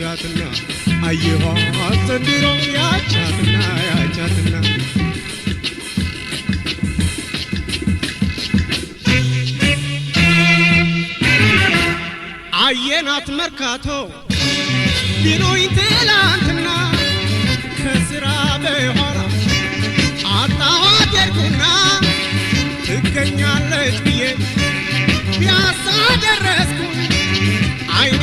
ያቻትና አየኋ ዘንድሮ ያቻትና ያቻትና አየናት መርካቶ ቢሉኝ ትላንትና ከስራ በኋላ አጣኋት ሄድኩና ትገኛለች ብዬ ፒያሳ ደረስኩ አይኔ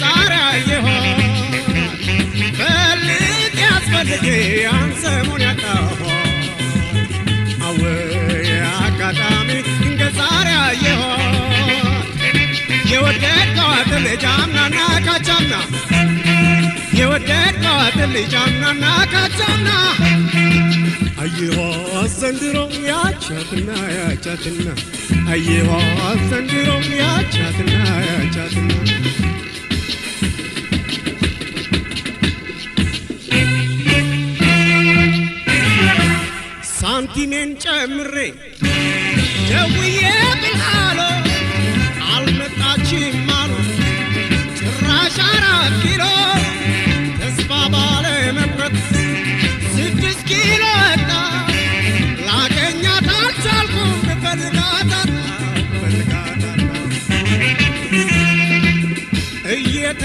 ጻራ ይሆን በልጥ ያስፈልግ አንሰሙን ያጣሆ አወይ አጋጣሚ እንደ ጻራ ይሆን የወደድከዋት ልጅ አምናና ካቻምና የወደድከዋት ልጅ አምናና ካቻምና አየዋ ዘንድሮ ያቻትና ያቻትና አየዋ ዘንድሮ ያቻትና ያቻትና ሐኪሜን ጨምሬ ደውዬ ብልሃሎ አልመጣችም አሉ። ጭራሽ አራት ኪሎ ተስፋ ባለ ባለመቁረጥ ስድስት ኪሎ ወጣ ላገኛት አልቻልኩም። እፈልጋታለሁ እፈልጋታለሁ እየተ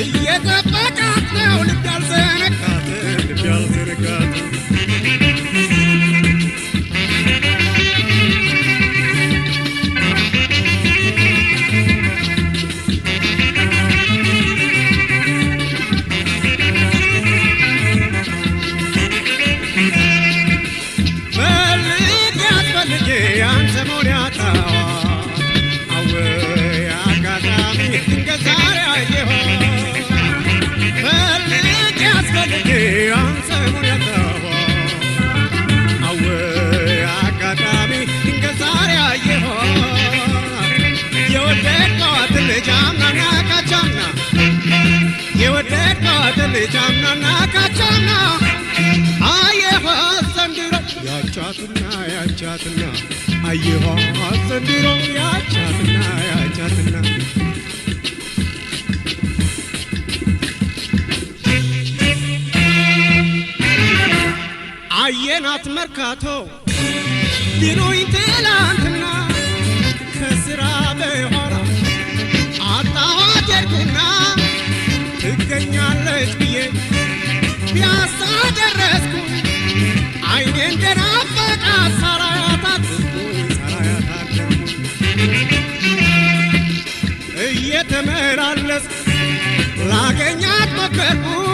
Yeah. ጃናና ካቻና አየኋ ዘንድሮ ያቻትና ያቻትና አየኋ ዘንድሮ ያቻትና ያቻትና አየናት መርካቶ ቢሉ ሳገኛት ሞከርኩ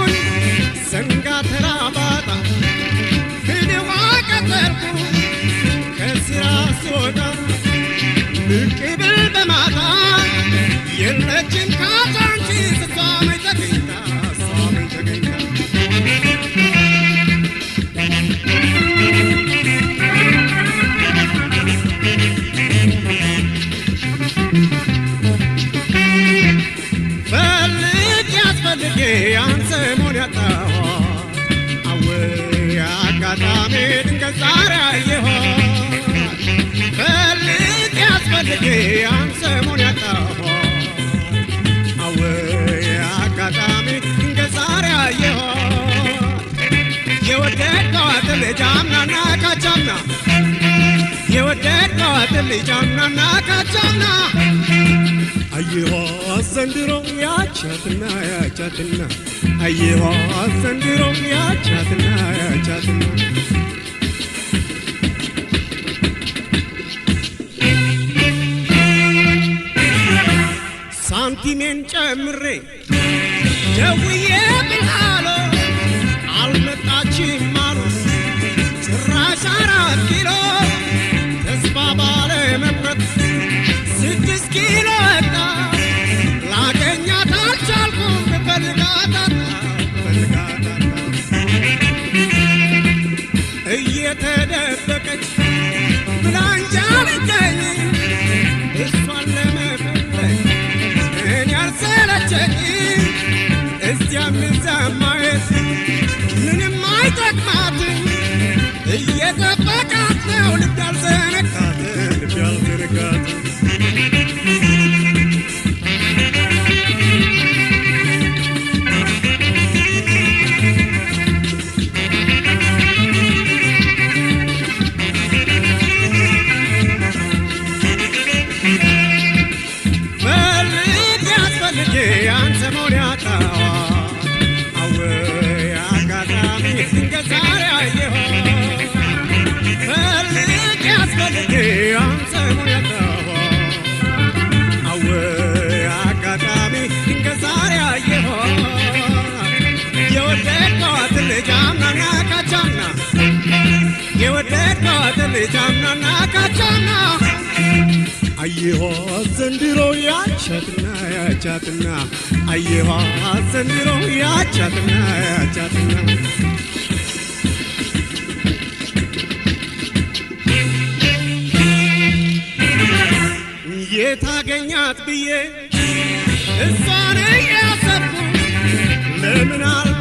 አንሰሞን ያጣዋ አወ አጋጣሚ ድንገት ዛሬ አየኋት ፈልጌ አስፈልጌ አንሰሞን ያጣዋ አወ አጋጣሚ ድንገት ዛሬ አየኋት የወደድኳት ልጅ አምናና ካቻምና የወደድኳት ልጃምናና ካቻምና አይዋ ዘንድሮ ያቻትና ያቻትና አይዋ ዘንድሮ ያቻትና ያቻትና ሳንቲሜን ጨምሬ ደውዬ አየኋት ዘንድሮ ያቻትና ያቻትና አየኋት ዘንድሮ ያቻትና ያቻትና የታገኛት ብዬ እሷን እያሰብኩ ለምን